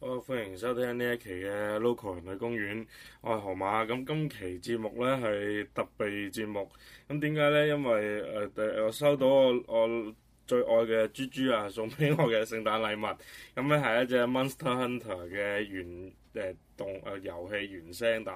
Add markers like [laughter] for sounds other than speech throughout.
好歡迎收聽呢一期嘅 Local 人類公園，我係河馬。咁今期節目咧係特別節目。咁點解咧？因為誒、呃，我收到我我最愛嘅豬豬啊送俾我嘅聖誕禮物。咁咧係一隻 Monster Hunter 嘅原誒動誒遊戲原聲帶。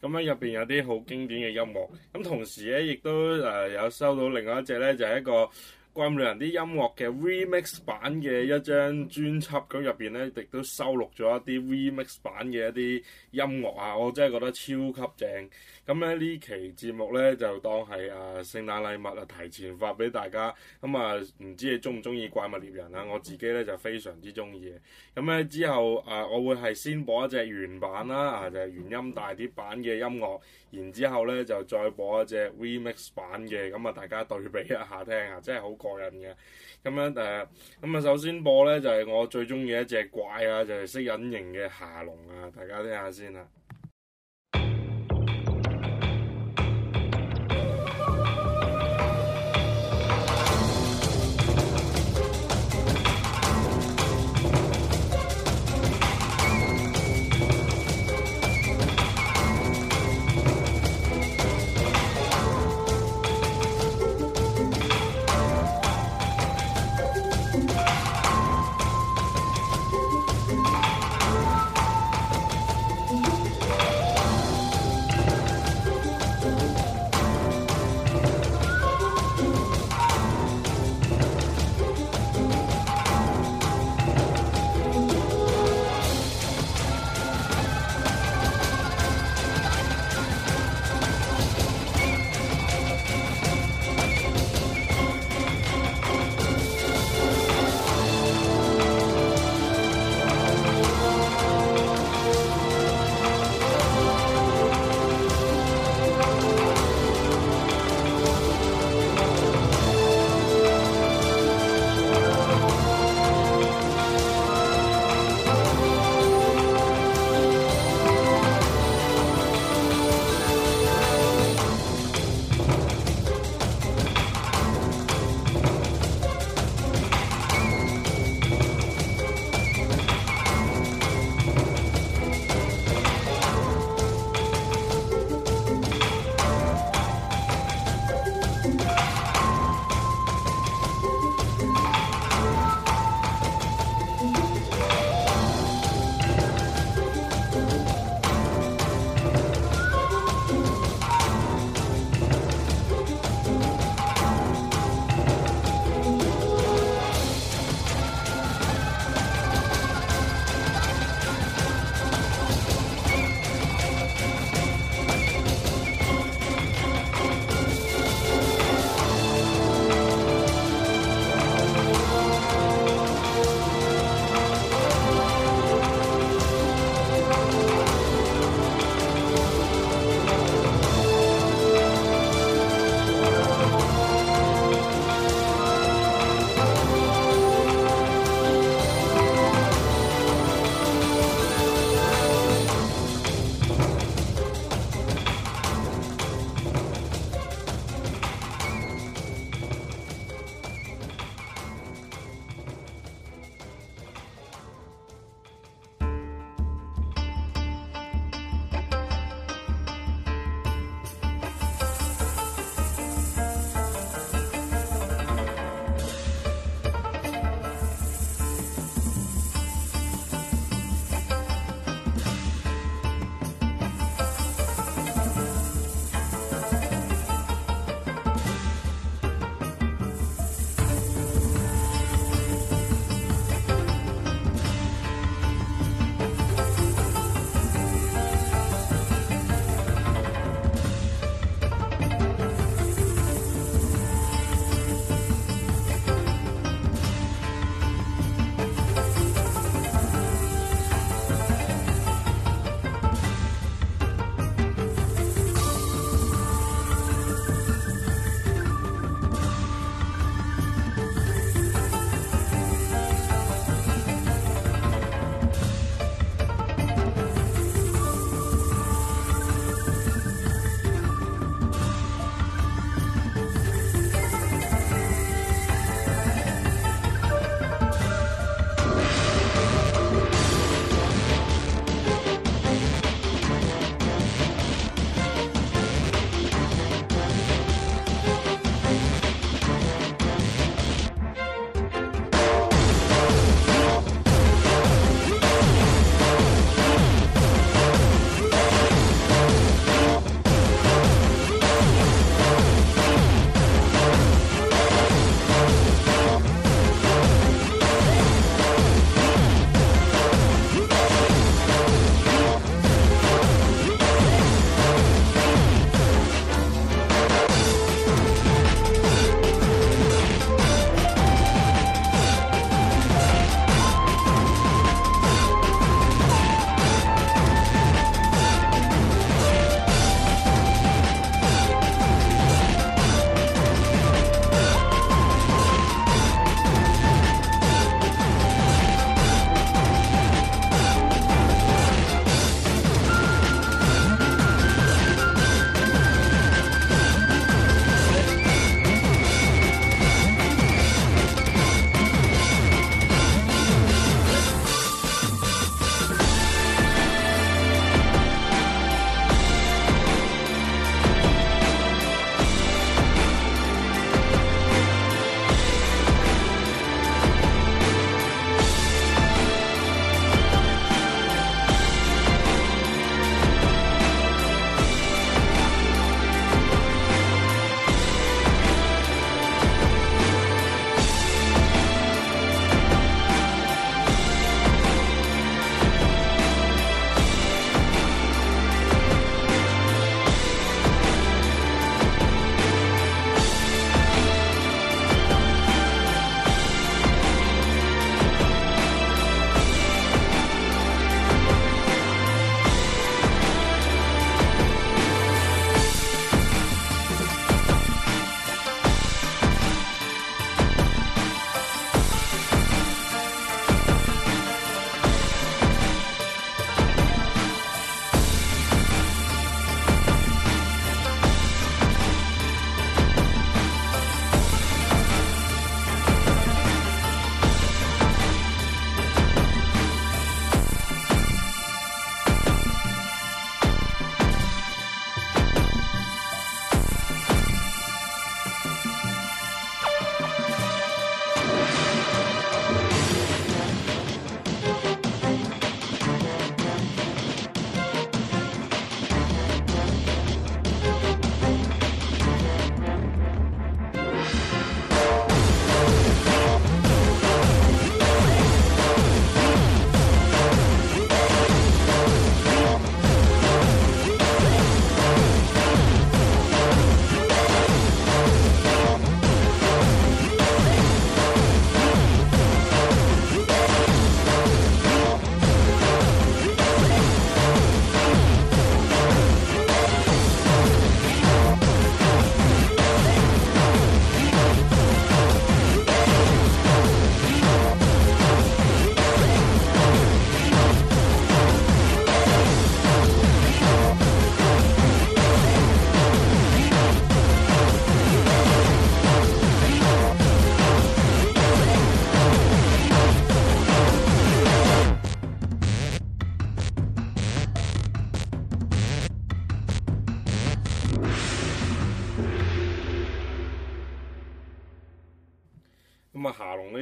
咁咧入邊有啲好經典嘅音樂。咁同時咧亦都誒、呃、有收到另外一隻咧就係、是、一個。怪物獵人啲音樂嘅 remix 版嘅一張專輯面呢，咁入邊咧亦都收錄咗一啲 remix 版嘅一啲音樂啊！我真係覺得超級正。咁咧呢期節目咧就當係啊聖誕禮物啊，提前發俾大家。咁、嗯、啊，唔知你中唔中意怪物獵人啊？我自己咧就非常之中意嘅。咁咧之後啊，我會係先播一隻原版啦，啊就係、是、原音大啲版嘅音樂。然之後呢，就再播一隻 remix 版嘅，咁啊大家對比一下聽下，真係好過癮嘅。咁樣誒，咁、呃、啊首先播呢，就係、是、我最中意一隻怪啊，就係識隱形嘅霞龍啊，大家聽下先啦。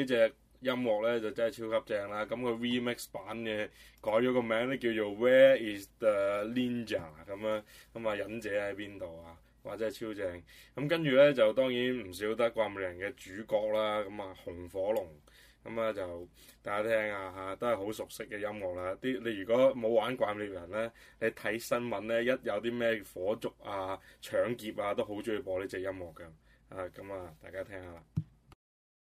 呢隻音樂咧就真係超級正啦！咁、那、佢、個、remix 版嘅改咗個名咧叫做 Where Is the Ninja 咁樣，咁啊忍者喺邊度啊？哇真係超正！咁跟住咧就當然唔少得怪物獵人嘅主角啦！咁啊紅火龍咁啊就大家聽下，嚇、啊、都係好熟悉嘅音樂啦！啲你如果冇玩怪物獵人咧，你睇新聞咧一有啲咩火燭啊搶劫啊都好中意播呢隻音樂㗎啊！咁啊大家聽下啦。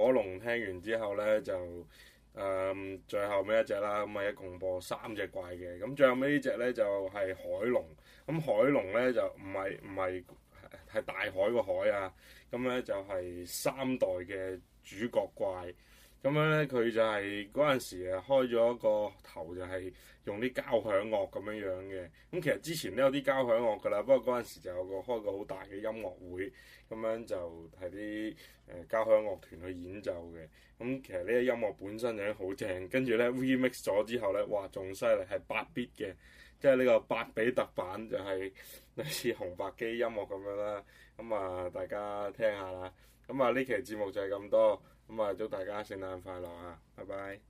火龍聽完之後呢，就誒、嗯、最後尾一隻啦，咁係一共播三隻怪嘅，咁最後尾呢隻呢，就係、是、海龍，咁海龍呢，就唔係唔係係大海個海啊，咁呢，就係、是、三代嘅主角怪。咁樣咧，佢就係嗰陣時啊，開咗個頭就係用啲交響樂咁樣樣嘅。咁其實之前都有啲交響樂噶啦，不過嗰陣時就有個開個好大嘅音樂會，咁樣就係啲誒交響樂團去演奏嘅。咁其實呢個音樂本身就已經好正，跟住咧 remix 咗之後咧，哇，仲犀利，係八 bit 嘅，即係呢個八比特版，就係類似紅白機音樂咁樣啦。咁啊，大家聽下啦。咁啊，呢期節目就係咁多。咁啊，祝大家聖誕快樂啊！拜拜。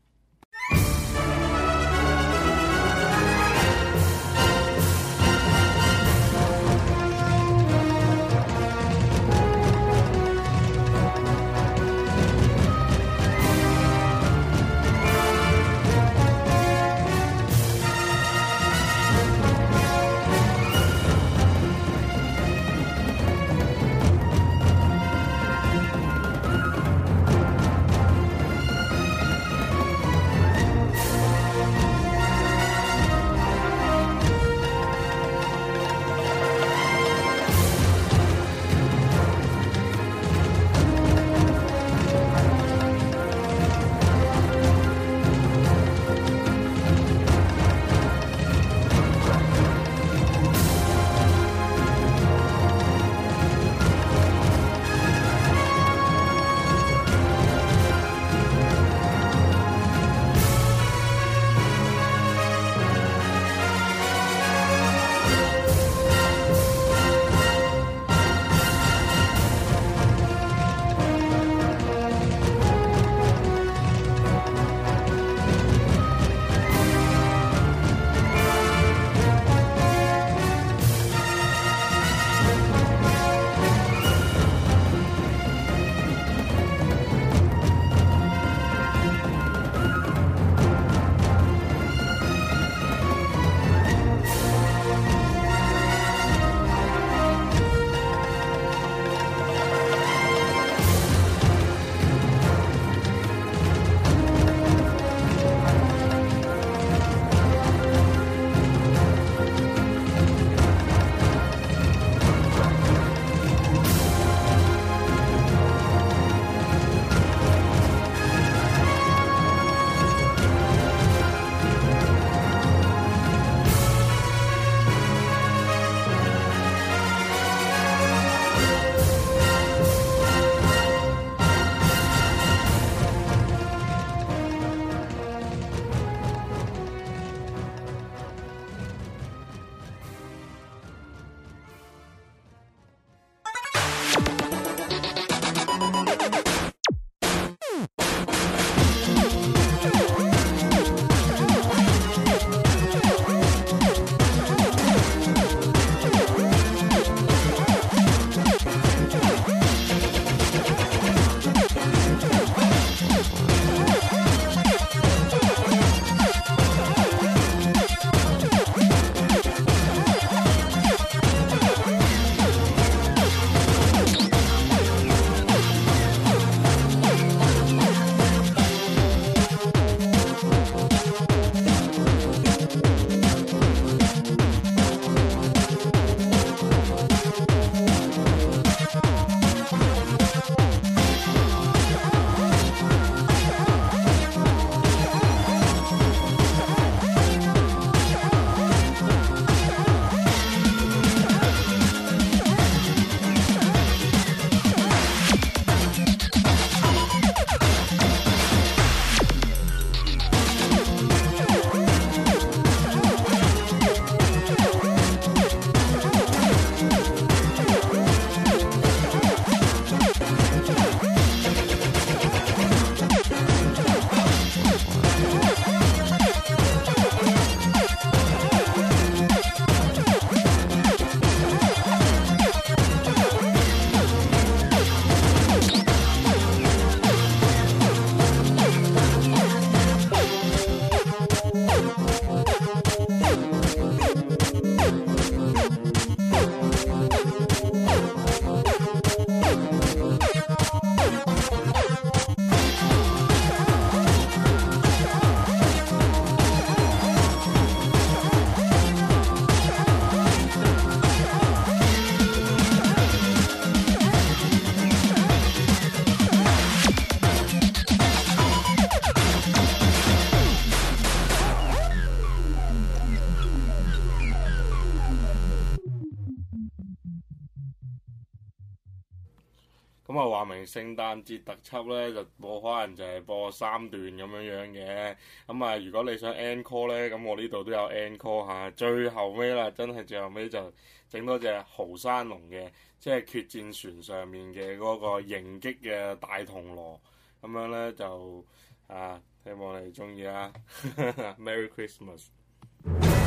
咁啊，話明聖誕節特輯呢，就冇可能就係播三段咁樣樣嘅。咁啊，如果你想 encore 呢，咁我呢度都有 encore 嚇。最後尾啦，真係最後尾，就整多隻豪山龍嘅，即係決戰船上面嘅嗰個迎擊嘅大銅鑼。咁樣呢，就啊，希望你中意啦。 [laughs] Merry Christmas！